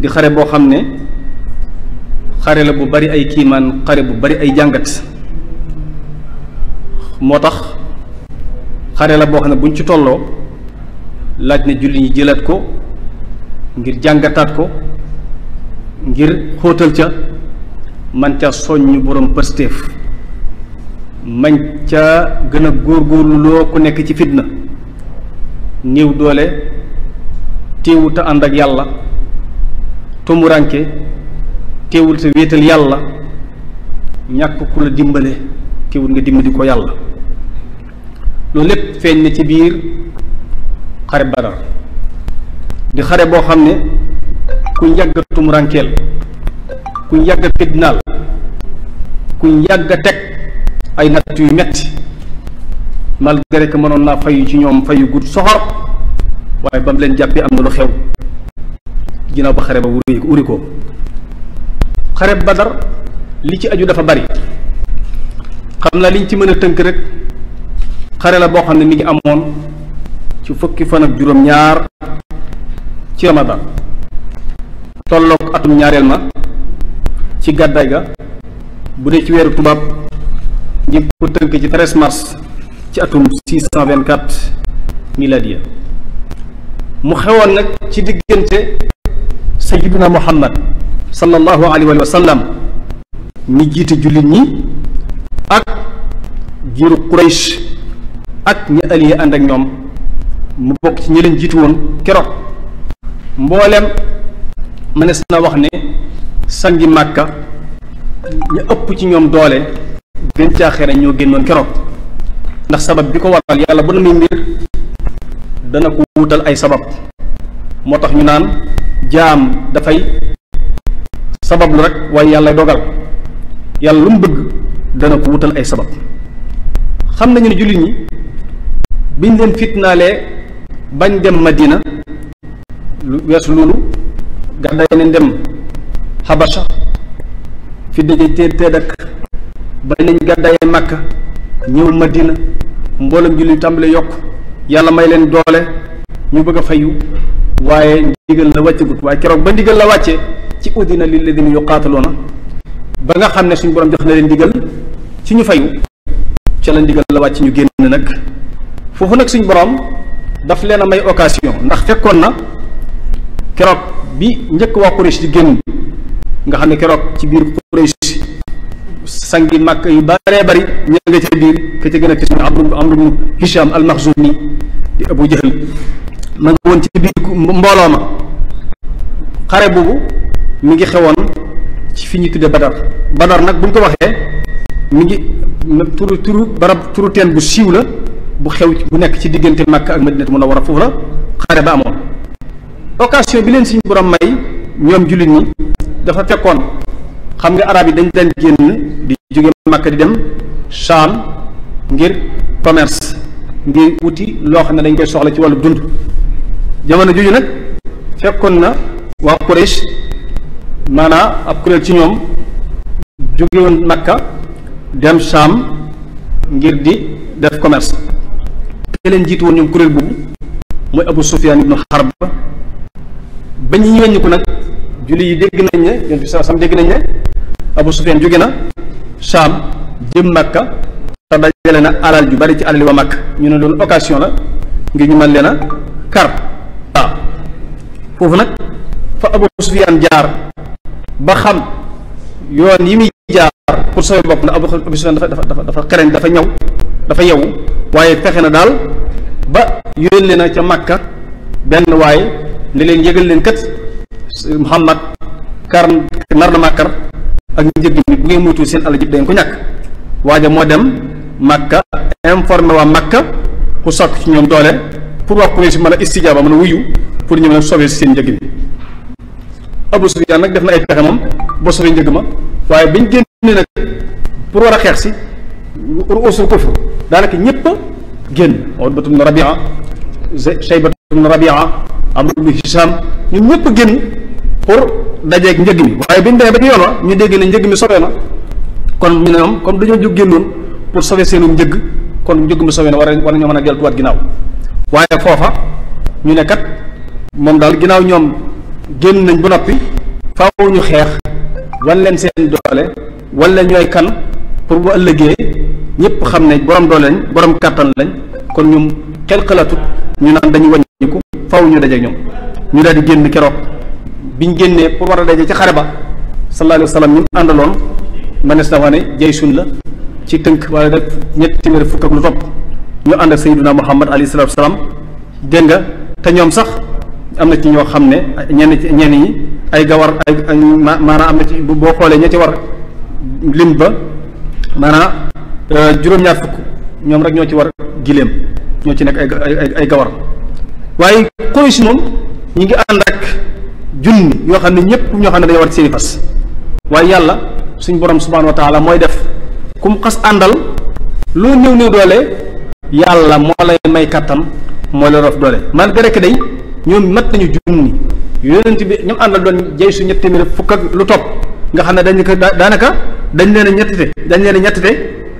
di xare boo xam ne xare la bu bari ay kiimaan xare bu bari ay jàngat moo tax xare la boo xam ne buñ ci tolloo laaj na julli ñi jëlaat ko ngir jàngataat ko ngir xóotal ca man ca soññ borom pëstéef man ca gën a góorgóorlu loo ku nekk ci fitna néew doole téewut a ànd ak yàlla tomuranke téewul sa wéetal yàlla ñàkk ku la dimbale téewul nga dimbali ko yàlla loolu lépp feeñ na ci biir xare Badar di xare boo xam ne kuñ yàgg a tumurankeel kuñ yàgg a kuñ yàgg a teg ay natt yu metti malgré que mënoon naa fayu ci ñoom yu gudd soxor waaye ba mu leen jàppee am na lu xew ginnaaw ba xare ba wuri wuri ko xare Badar li ci aju dafa bari xam naa liñ ci mën a tënk rek xare la boo xam ne mi ngi amoon ci fukki fan ak juróom-ñaar ci ramadan tolloog atum ñaareel ma ci gàddaay ga bu dee ci weeru tubaab ñi ko tënk ci 13 mars ci atum 624 miladiya mu xewoon nag ci diggante sayiduna muhammad sallallahu alayhi wa sallam ñi jiite jullit ñi ak jiiru quraysh ak ñi allié ànd ak ñoom mu bokk ci ñi leen jiitu woon keroog mboolem mënees na wax ne sangi màkka ñu ëpp ci ñoom doole gën caa xere ñoo génnoon keroog ndax sabab bi ko waral yàlla bu na muy mbir dana ko wutal ay sabab moo tax ñu naan jaam dafay sabab lu rek waaye yàlla dogal yàlla lu mu bëgg dana ko wutal ay sabab xam nañu ne jullit ñi biñ leen fitnaalee bañ dem Madina lu weesu loolu gàddaay nañ dem xabasa fi daje te tedd ak bari nañ gàddaayee màkka ñëw madina mboolem julli tàmbale yokk yàlla may leen doole ñu bëgg a fayu waaye ndigal la wàccegut waaye keroog ba ndigal la wàccee ci udina lilladina yuqaataluuna ba nga xam ne suñ borom jox na leen ndigal ci ñu fayu ca la ndigal la wàcc ñu génn nag foofu nag suñ boroom daf leen a may occasion ndax fekkoon na keroog bi njëkk waa Quraysh di génn nga xam ne keroog ci biir Quraysh sangi màkk yu bëree bëri ña nga ca biir ka gën a kis Amru Amru bnu Hisham al-Maxzumi di Abu ma nga woon ci biir mbooloo ma xare boobu mu ngi xewoon ci fi ñu tudde Badar Badar nag bu ñu ko waxee mu ngi turu turu barab turu teen bu siiw la bu xew bu nekk ci diggante màkk ak Madinatu Munawwara foofu la xare ba amoon occasion bi leen suñu borom may ñoom jullit ñi dafa fekkoon xam nga arab yi dañ daan génn di jóge Makka di dem Shaam ngir commerce ngir wuti loo xam ne dañ koy soxla ci wàllu dund jamono jooju nag fekkoon na waa Quraysh maanaam ab kuréel ci ñoom jóge woon Makka dem Shaam ngir di def commerce te leen jiitu woon ñoom kuréel boobu mooy Abu Sufyaan ibnu Harb ba ñu ñëwee nag julli yi dégg nañ ne yonent bi sam dégg nañ ne Abu Sufyaan jóge na Saam jëm Makka te dajale na alal ju bari ci alal wa Makka ñu ne loolu occasion la ngir ñu mën leen a kar waaw foofu nag fa Abu Sufyaan jaar ba xam yoon yi muy jaar pour sauver bopp ndax Abu Sufyaan dafa dafa dafa xereñ dafa ñëw dafa yeewu waaye fexe na daal ba yónnee na ca Makka benn waaye ne leen yëgal leen kat Muhammad kar nar na màkkar ak njëg mi bu ngeen moytu seen àll jib dañ ko ñàkk waaja moo dem màkka informé waa màkka ku sàkk ci ñoom doole pour wax Quraysh mën a istijaaba mën a wuyu pour ñu mën a seen njëg mi Abu Sufyaan nag def na ay pexe moom ma waaye ba génnee nag pour war a xeex si ruusul kufr daanaka ñëpp génn Utbatu bnu Rabia Shayba ibn Rabia Amr ibn Hisham ñun ñëpp génn pour dajeeg njëg mi waaye biñ demee ba ci yoon wa ñu dégg ne njëg mi sobe na kon ñu ne moom kon dañoo jóg génnoon pour sauver seenu njëg kon njëg mi sobe na war war ñoo mën a deltuwaat ginnaaw waaye foofa ñu ne kat moom daal ginnaaw ñoom génn nañ ba noppi faaw ñu xeex wan leen seen doole wan leen ñooy kan pour bu ëllëgee ñëpp xam ne borom doole lañ borom kàttan lañ kon ñoom. kenn xalaatut ñu naan dañuy wàññiku faw ñu daje ñoom ñu daal di génn keroog biñ génnee pour war a daje ci xare ba sallallahu alayhi wa sallam ñu àndaloon manes na wax ne jay la ci tënk waaye rek ñetti téeméer fukk ak lu topp ñu ànd ak sayyiduna muhammad alayhi salaatu wa salaam dégg te ñoom sax am na ci ñoo xam ne ñenn ñenn ñi ay gawar ay maanaam am na ci boo xoolee ña ci war lim ba maanaam euh, juróom-ñaar fukk ñoom rek ñoo ci war giléem ñoo ci nekk ay ay gawar waaye si moom ñi ngi ànd ak junni yoo xam ne ñëpp ñoo xam ne dañoo war seen i fas waaye yàlla suñ borom subhaanahu wa taala mooy def ku mu xas àndal loo néew néew doole yàlla moo lay may kàttan moo lay rof doole malgré que day ñoom mat nañu junni yonent bi ñoom àndal doon jay su ñett téeméer fukk ak lu topp nga xam ne dañ daanaka dañ leen a ñettite dañ leen a ñettite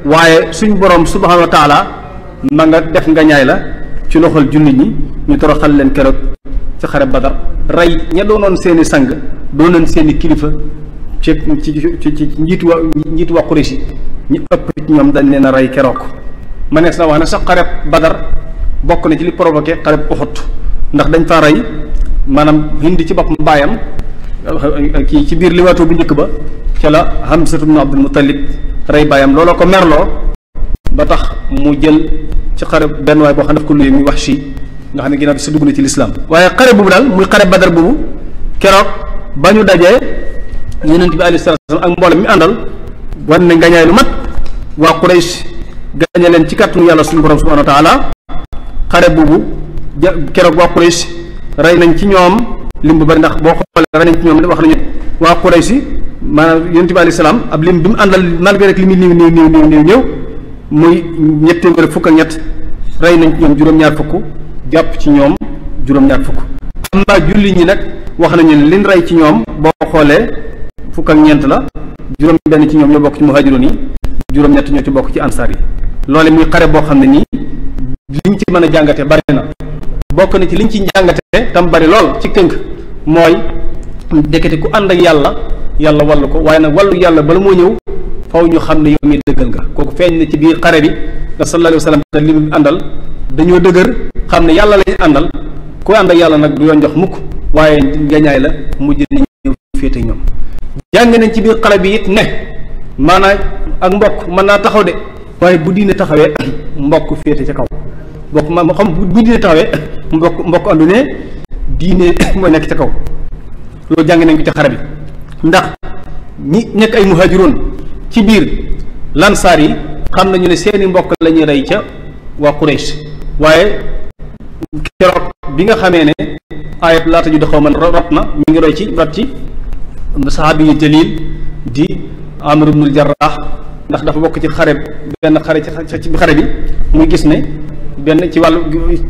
waaye suñ borom subhaanahu wa ma nga def nga ñaay la ci loxol jullit ñi ñu toroxal leen keroog ci xare badar rey ña doonoon seeni sang doonoon seeni kilifa ci ci ci ci njiitu wa njiitu wa Quraysh ñu ëpp ci ñoom dañ leen a rey keroog ma nees na wax ne sax xare badar bokk na ci li provoqué xare Uhud ndax dañ fa rey maanaam Hind ci boppam baayam eh, kii ci biir liwaatoo bu njëkk ba ca la Hamsatu bnu Abdul Muttalib rey baayam looloo ko merloo ba tax mu jël ci xare benn waay boo xam ne ko luye muy wax si nga xam ne ginnaaw bi si dugg na ci lislaam waaye xare boobu daal muy xare badar boobu keroog ba ñu dajee yonent bi alayhi salaam ak mboole mi àndal war nañ gañaay lu mat waa Quraysh gañe leen ci kàttanu yàlla suñu borom subhanahu wa taala xare boobu keroog waa Quraysh rey nañ ci ñoom lim bu bari ndax boo xoolee rey nañ ci ñoom wax nañu waa Quraysh maanaam yonent bi alayhi salaam ab lim bi mu àndal malgré que li muy néew néew néew néew ñëw muy ñett téeméer fukk ak ñett rey nañ ci ñoom juróom-ñaar fukk jàpp ci ñoom juróom-ñaar fukk am naa julli ñi nag wax nañu ne liñ rey ci ñoom boo xoolee fukk ak ñeent la juróom benn ci ñoom ñoo bokk ci muhaajiroon ni juróom-ñett ñoo ci bokk ci ansaar yi loole muy xare boo xam ne nii liñ ci mën a jàngate bari na bokk na ci liñ ci jàngate tam bari lool ci kënk mooy dekete ku ànd ak yàlla yàlla wallu ko waaye nag wallu yàlla bala moo ñëw faw ñu xam ne yow mi dëggal nga kooku feeñ na ci biir xare bi nga sallallahu alayhi wa sallam te li mu àndal dañoo dëgër xam ne yàlla lañ àndal ku ànd yàlla nag du jox mukk waaye ngañaay la mujj nañ ñëw ñoom jàng nañ ci biir xare bi it ne maanaam ak mbokk mën naa taxaw de waaye bu diine taxawee mbokk féete ca kaw mbokk ma xam bu diine taxawee mbokk mbokk andu ne diine mooy nekk ca kaw loolu jàng nañ ko ci xare bi ndax ñi nekk ay muhaajiroon ci biir lansaar yi xam nañu ne seeni mbokk la ñuy rey ca waa Quraysh waaye keroog bi nga xamee ne ayat laata ñu ju xaw man rot na mi ngi roy ci rot ci saxaabi yi jalil di amr ibnul jarraax ndax dafa bokk ci xare benn xare ci xare bi muy gis ne benn ci wàllu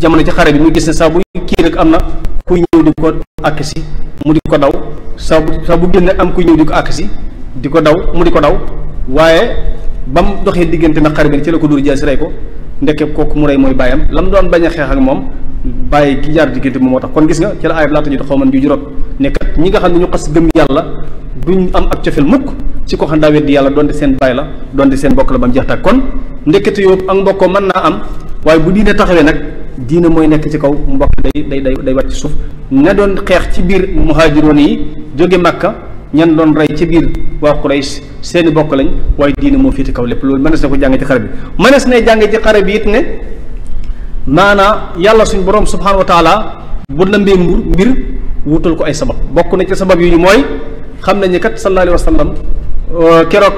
jamono ci xare bi mu gis ne saa bu kii rek am na kuy ñëw di ko àkk si mu di ko daw saa bu saa bu génne am kuy ñëw di ko àkk si di ko daw mu di ko daw waaye ba mu doxee diggante na xar bi ci la ko du dóor jaasi rey ko ndeke kooku mu rey mooy bàyyam la doon bañ a xeex ak moom bàyyi ki jaar diggante moom moo tax kon gis nga ci la ayib laata ñu xaw man ju ne kat nga xam ne ñu xas gëm yàlla duñ am ak cofeel mukk ci ko xam daa weddi yàlla donte seen baay la donte seen bokk la ba mu kon ndekete yoo ak mbokkoo mën naa am waaye bu diine taxawee nag diine mooy nekk ci kaw mbokk day day day day wàcc suuf na doon xeex ci biir muhaajiroon yi jóge Makka ñan doon rey ci biir waa Quraysh seeni bokk lañ waaye diine moo féete kaw lépp loolu mënees na ko jànge ci xare bi mënees na jànge ci xare bi it ne maanaa yàlla suñu borom subhaanahu wa taala bu lambee mbur mbir wutal ko ay sabab bokk na ci sabab yu ñu mooy xam nañu kat sa alayhi wa sallam euh, keroog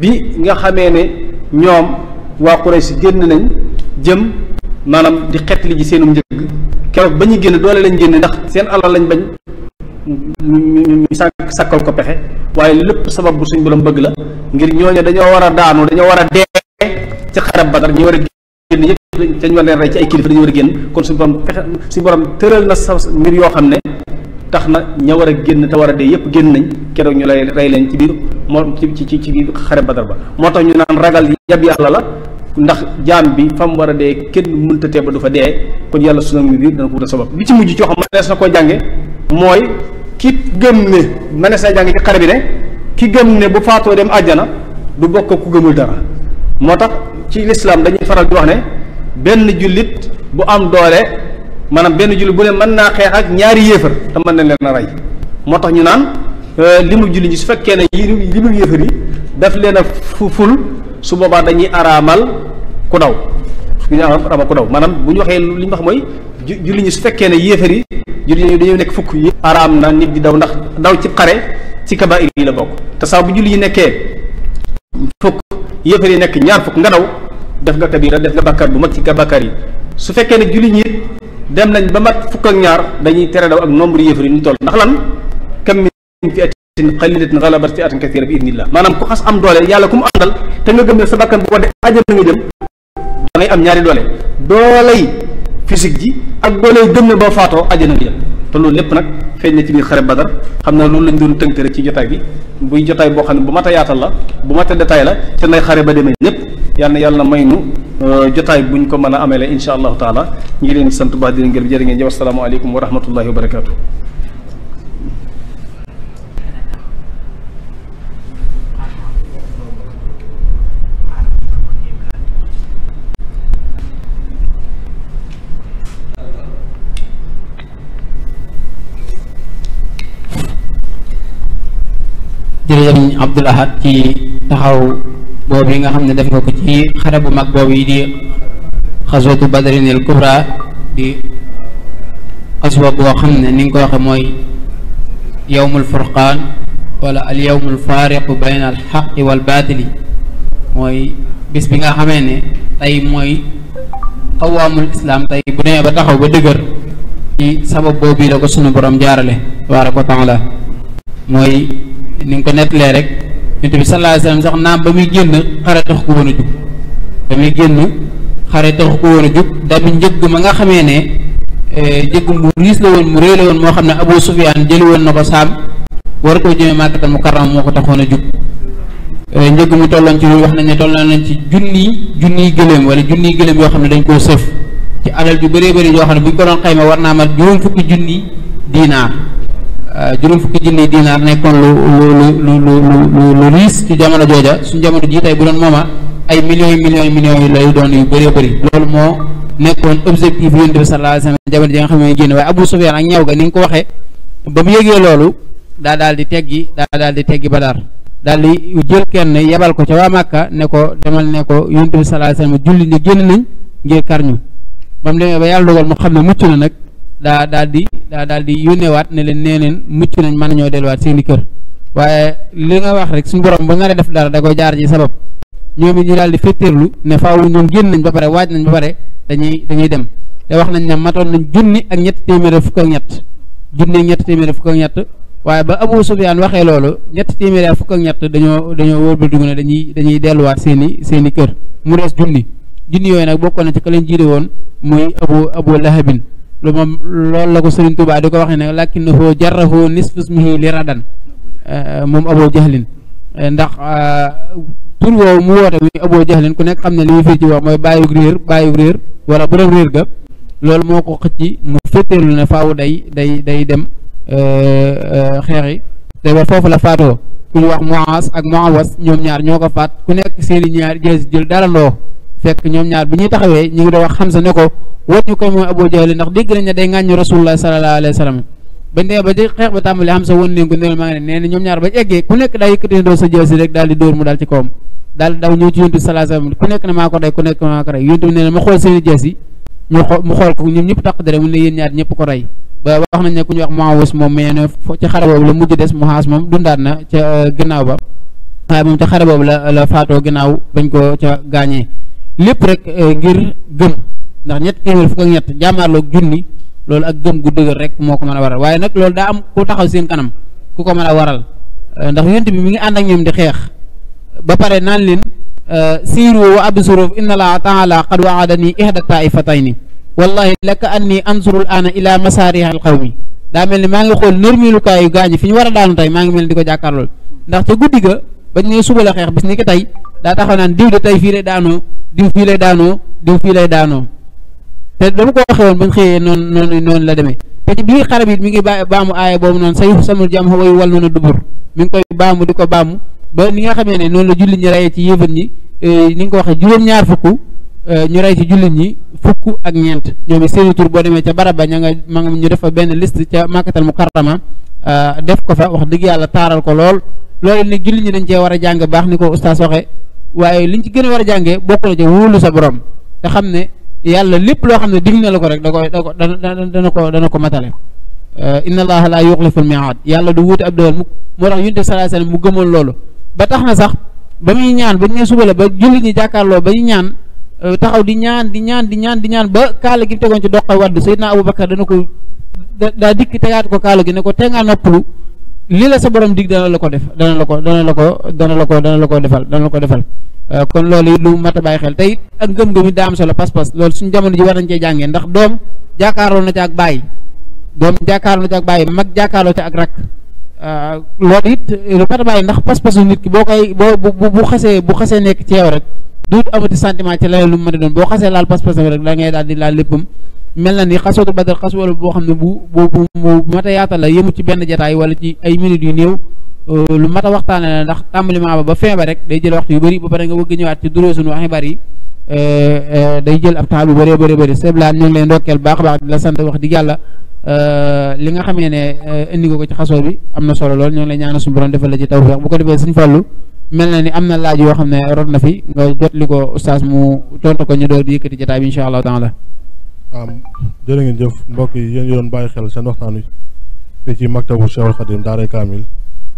bi nga xamee ne ñoom waa Quraysh génn nañ jëm maanaam di xetli ji seenum njëg keroog ba ñu génn doole lañ génn ndax seen alal lañ bañ ñu sàkk sàkkal ko pexe waaye lépp sabab bu suñ borom bëgg la ngir ñooñu dañoo war a daanu dañoo war a dee ci xarab Badar ñu war a génn yëpp dañ war leen rey ci ay kilifa dañu war a génn kon suñ borom pexe suñu borom tëral na sa ngir yoo xam ne tax na ña war a génn te war a dee yëpp génn nañ keroog ñu lay rey leen ci biir moo ci ci ci xare Badar ba moo tax ñu naan ragal yab yàlla la ndax jaam bi fa mu war a dee kenn mënta tee ba du fa dee kon yàlla sunu mi bi dana ko wutal sabab bi ci mujj coo xam manees na koo jànge mooy ki gëm ne manees na jànge ci xare bi ne ki gëm ne bu faatoo dem àjjana du bokk ku gëmul dara moo tax ci lislaam dañuy faral di wax ne benn jullit bu am doole maanaam benn jullit bu ne mën naa xeex ak ñaari yéefar te mën na leen a rey moo tax ñu naan euh, li mu jullit ñi su fekkee ne yi li mu yéefar su boobaa dañuy araamal ku daw ñu ne araamal ku daw maanaam bu ñu waxee li ñu wax mooy julli ñi su fekkee ne yéefar yi julli ñi dañoo nekk fukk yi araam na nit di daw ndax daw ci xare ci kabaa'ir yi la bokk te saa bu julli ñi nekkee fukk yéefar yi nekk ñaar fukk nga daw def nga kabira def nga bàkkaar bu mag ci kabakar yi su fekkee ne julli ñi dem nañ ba mat fukk ak ñaar dañuy tere daw ak nombre yéefar yi ñu toll ndax lan kam min xalilatin xalabat fi'atun kasiira bi idnillah maanaam ku xas am doole yàlla ku mu àndal te nga gëm ne sa bakkan bu ko def ajal na nga jëm da ngay am ñaari doole dooley physique ji ak dooley gëm ne boo faatoo ajal na nga jëm te loolu lépp nag feeñ na ci biir xare ba badar xam naa loolu lañu doon tënk ci jotaay bi buy jotaay boo xam ne bu mat yaatal la bu mat a détail la ca nay xare ba demee ñépp yàlla na yàlla may nu euh, jotaay buñ ko mën a amee la insha allahu taala ñu ngi leen di sant baax di leen gërëm jërë ngeen jëf asalaamaaleykum wa Abdul Ahad ci taxaw boobu yi nga xam ne def nga ko ci xare bu mag boobu yi di xasootu badrinil kubra di aswa boo xam ne ni nga ko waxe mooy yowmul furqaan wala al yowmul faariqu bayna al xaqi wal baatili mooy bis bi nga xamee ne tey mooy awaamul islaam tey bu nee ba taxaw ba dëgër ci sabab boobu yi la ko sunu borom jaarale tabaaraka wa mooy ni nga ko nettalee rek yonent bi sallallahu alayhi sax naam ba muy génn xare tax ko woon a jug ba muy génn xare tax ko woon a jug dami njëgg ma nga xamee ne eh, njëgg mu riis la woon mu réy la woon moo xam ne Abu Sufyaan jël woon na ko saam war koo jëmee Makkatal Mukarram moo ko taxoon a jug eh, njëgg mu tolloon ci wax nañ ne tolloon nañ ci junniy junniy gëléem wala junniy gëléem yoo xam ne dañ koo sëf ci alal ju bëree bëri yoo xam ne bu ñu ko doon xayma war naa mat juróom fukki junni diinaar Euh, juróom fukki junni dinaar nekkoon lu lu lu lu lu lu riis ci jamono jooja suñ jamono jii tey bu doon mooma ay millions yi millions yi millions yi lay doon yu bëree bëri loolu moo nekkoon objectif yonent bi sallallahu alayhi wa sallam jamono ji nga xam ne génn waaye Abu Sufyaan ak ñaw ga ni nga ko waxee ba mu yëgee loolu daa daal di teggi daa daal di teggi Badar daal di jël kenn yebal ko ca waa Màkka ne ko demal ne ko yonent bi sallallahu alayhi wa sallam julli ni génn nañ ngir kar ñu ba mu demee ba yàlla dogal mu xam ne mucc na nag daa daal di daa daal di yónneewaat ne leen nee leen mucc nañ mën nañoo delluwaat seeni i kër waaye li nga wax rek suñu borom ba nga def dara da koy jaar ci sabab ñoom it ñu daal di féttéerlu ne faaw ñoom génn nañ ba pare waaj nañ ba pare dañuy dañuy dem te wax nañ ne matoon nañ junni ak ñett téeméer fukk ñett junni ñett téeméer fukk ak ñett waaye ba Abu Sufyaan waxee loolu ñett téeméer ak fukk ak ñett dañoo dañoo wóor ba dugg ne dañuy dañuy delluwaat seen i seen i kër mu des junni yooyu nag bokkoon na ci ka leen jiite woon muy Abu Abu Lahabin lu loolu la ko Sëriñ Tuubaa di ko waxee ne lakinnahu jarrahu nisfu ismihi li radan eh, moom Abu Jahlin eh, ndax eh, tur woowu mu woote muy Abu Jahlin ku nekk xam ne li muy fii ci wax mooy bàyyi réer bàyyi réer wala borom réer ga loolu moo ko xëcc mu féeteelu ne faaw day day day dem xeexi te ba foofu la faatoo ku ñu wax Muaas ak Muawas ñoom ñaar ñoo ko faat ku nekk seeni ñaar jees jël dara ndoo fekk ñoom ñaar bi ñuy taxawee ñu ngi doon wax Hamza ne ko waññu ko mooy Abu Jahl ndax dégg nañ ne day ŋàññu Rasulullah sallallahu alayhi wa sallam ba ndee ba di xeex ba tàmbali Hamza wan leen ne ñaar ba sa jël si rek daal di dóor mu daal ci kawam daal daw ñëw ci yontu sallallahu alayhi wa sallam ku nekk na maa ko rey ku nekk na maa ko rey yontu nee na ma xool seen i jël si ñu xool mu xool ko ñoom ñëpp taq dara mu ne yéen ñaar ñëpp ko rey ba wax nañ ne ku ñu wax Muawus moom mais ne ci xare boobu la mujj des Muhaas moom dundaat na ca euh, gannaaw ba waaye moom ca xare boobu la la faatoo gannaaw bañ ko ca gaañee lépp rek eh, ngir gëm ndax ñett téeméer fukk ak ñett jàmmaarloog junni loolu ak gëm gu dëgër rek moo ko mën a waral waaye nag loolu daa am ku taxaw seen kanam ku ko mën a waral eh, ndax yonent bi mu ngi ànd ak ñoom di xeex ba pare naan leen eh, siiru wa absuru inna allaha taala qad waadani ihda taifatayni wallahi laka anni ansuru al ana ila masariha xaw mi daa mel ni maa ngi xool nërmiilukaayu gaañi fi ñu war a daanu tey maa ngi mel ni di ko jàkkaarlool bañ ne suba la xeex bis ni ko tey daa taxaw naan diw de tey fii lay daanoo diw fii lay daanoo diw fii lay daanoo te dama ko waxee woon bañ xëyee noonu noonu noonu la demee te ci biir xarab it mi ngi ba baamu aaya boobu noonu say sanul jam xawa yu wal noonu dubur mi ngi koy baamu di ko baamu ba ni nga xamee ne noonu la jullit ñi rayee ci yéefar ñi e, ni ngi ko waxee juróom-ñaar fukk e, ñu rey ci jullit ñi fukk ak ñeent ñoom it seeni tur boo demee ca barab ba ña nga ma nga ñu def fa benn liste ca màkkatal mukarrama e, def ko fa wax dëgg yàlla taaral ko lool loolu nag jullit ñi dañ cee war a jàng baax ni ko ustaas waxe waaye liñ ci gën a war a jàngee bokk na ca wóolu sa borom te xam ne yàlla lépp loo xam ne digg na la ko rek da koy da ko dana ko dana ko matale euh, inna allaha la yuxliful miaad yàlla du wuute ab dawal mu moo tax yunte salaa sallam mu gëmoon loolu tax na sax ba muy ñaan ba ñu suba la ba jullit ñi ba ñu ñaan euh, taxaw di ñaan di ñaan di ñaan di ñaan ba kaala gi tegoon ci doqa wadd Seydina Abubakar dana ko daa dikk tegaat ko kaala gi ne ko te nga noppalu lii la sa borom dig dana la ko def dana la ko dana la ko dana la ko dana la ko defal dana la ko defal euh, kon loolu it lu mat a bàyyi xel tey ak ngëm-ngëm it daa am solo pas-pas loolu suñu jamono ji war nañ cee ndax doom jàkkaarloo na ci ak bàyyi doom jàkkaarloo na ci ak bàyyi mag jàkkaarloo ci ak rak euh, loolu it lu mat a bàyyi ndax pas-pasu nit ki boo koy boo bu bu xasee bu xasee nekk ci yow rek du amati sentiment ci leneen lu mu mën a doon boo xasee laal pas-pas rek da ngay mel na ni xasootu badar xas wala boo xam ne bu bu bu mat a yaatal la yëmu ci benn jataay wala ci ay minutes yu néew euh, lu mat a waxtaane la ndax tàmbali maa ba ba fin day jël waxtu yu bëri ba pare nga wëgg ñëwaat ci durée suñu waxi bari euh, euh, day jël ab temps bu bëree bëri bëri seblaan ñu ngi leen ndokkeel baax baax di la sant wax di yàlla li nga xamee ne indi nga ko ci xasoo bi am na solo lool ñoo ngi lay ñaanal suñu borom defal la ci tawfeex bu ko defee suñu fàllu mel na ni am na laaj yoo xam ne rot na fi nga jot li ko oustaz mu tontu ko ñu door di yëkkati jataay bi incha allahu taala waaw jërë ngeen jëf mbokk yi yéen ñu doon bàyyi xel seen waxtaan wi fii ci maktabu Cheikhul Khadim daaray kaamil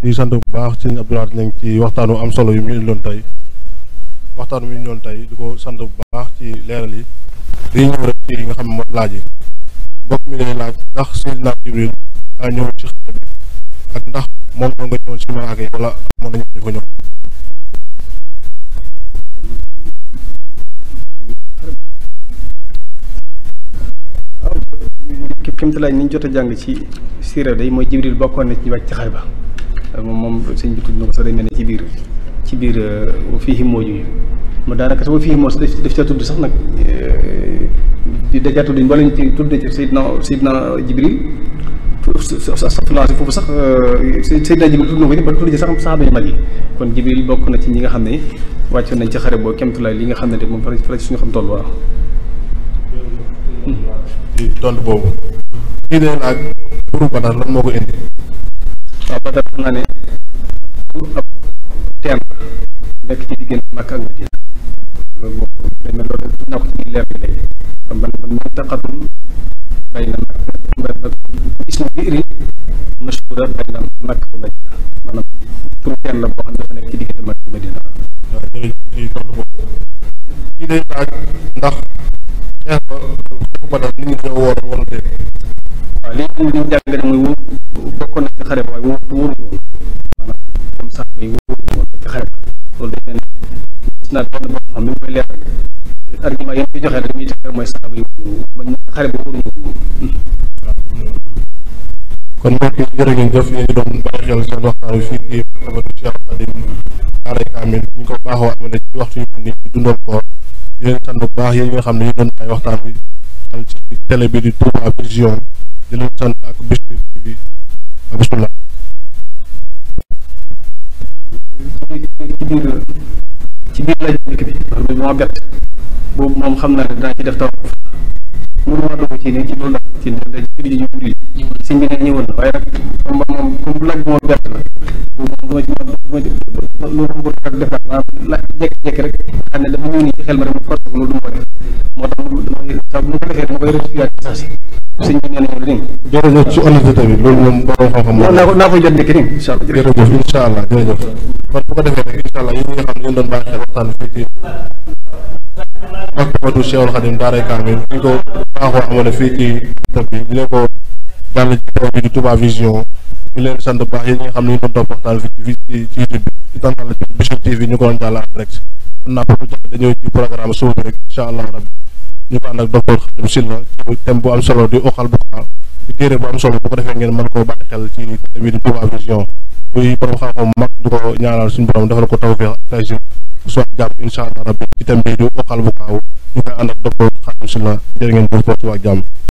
di sant bu baax sëñ Abdou Lahad Niang ci waxtaanu am solo yu mu ñu indiloon tey waxtaanu mi ñu tey du ko sant bu baax ci leeral yi di ñëw rek ci yi nga xam ne laaj yi mbokk mi lay laaj ndax Seydina Jibril daa ñëw ci xare bi ak ndax moom noonu nga ñëwoon si malaaka yi wala amoon na ñu ko ñëw kémtalaay ni ñu jot a jàng ci siira day mooy jibril bokkoon na ci wàcc xay ba euh, moom moom sëñ bi tudd na ko sax day mel ne ci biir ci biir fii ximoo ji mu daanaka sama fii ximoo daf ca tudd sax nag euh, dajaa tudd mbooleem ci tudd ci Seydina Seydina Jibril safla si foofu sax euh, Seydina Jibril tudd na ko ci ba tudd ci sax saxaabañu mag yi kon Jibril bokk na ci ñi nga xam ne wàccoon nañ ci xare boo kemtulaay li nga xam ne de moom fa la ci suñu xam toll waaw kii day laaj turu badar lan moo ko indi waaw badar xam naa ne pour nekk ci diggante Makka ak Madina loolu moom day mel loolu du naa ko ci leer bi léegi xam man boo xam ne dafa nekk ci diggante Makka ak Madina waaw jërëjëf ci ndax xoolal nit ñi dañoo wóor wala déet. waaw li ñu li ñu mooy wóor bokkoon na ci xare bi waaye wóor wóorul woon maanaam ñoom sax bi wóorul woon ci xare bi loolu dañ leen gis naa benn boo xam ne ñu koy mooy sax bi xare bi wóorul woon. kon mbokk yi jërë ngeen jëf ñu doon bàyyi xel seen waxtaan fii ci xabatu Cheikh ko baaxoo amale ci waxtu yu ni dundal koor yéen sant bu baax yooyu ñi xam ne ñu doon bàyyi waxtaan bi al ci télé bi di Touba Vision di leen sant ak Bichri TV ak bismillah biir la boobu moom xam naa ne daa ci def taw mënu maa dugg ci ni ci loolu nag ci da jëriñu ñu muri si mbir yi ñëwoon na waaye nag comme ba moom comme laaj moo gàtt la moom du ma ci mën lu ma ko defaat maanaam la jékki-jékki rek xam ne dafa ñëw nii ci xel ma rek ma force ko loolu du ma ko def moo tax damay sa bu ko defee dama koy restituer saa si sëñ bi nee nañu la dégg nga jërëjëf ci honnêteté bi loolu moom borom xam-xam naa ko naa ko jot ndekki dégg incha allah jërëjëf incha allah jërëjëf kon bu ko defee rek incha allah yéen ñi nga xam ne yéen doon bàyyi xel waxtaan fii ci ak Cheikhoul Khadim daaray Kaamil ñu ko baaxoo amale fii ci top ñu leen ko daanaka ci kaw di Touba Vision ñu leen bu baax yéen nga xam ne ñu doon topp waxtaan fii ci fii ci YouTube bi di sant la ci Bichri TV ñu ko doon jàll en direct ci programme suuf rek incha allah rabbi ñu ko ànd ak docteur Khadim Sylla ci thème bu am solo di oxal bu am solo bu ko defee ngeen man koo bàyyi xel ci télé bi di Touba Vision muy borom xam-xam mag du ko ñaanal suñu borom defal ko tawfeex ak suwaat jàmm incha allah rabbi ci thème bii di wokkal bu kaaw ñu koy ànd ak docteur Khadim Sylla jërë ngeen jëf ba subaak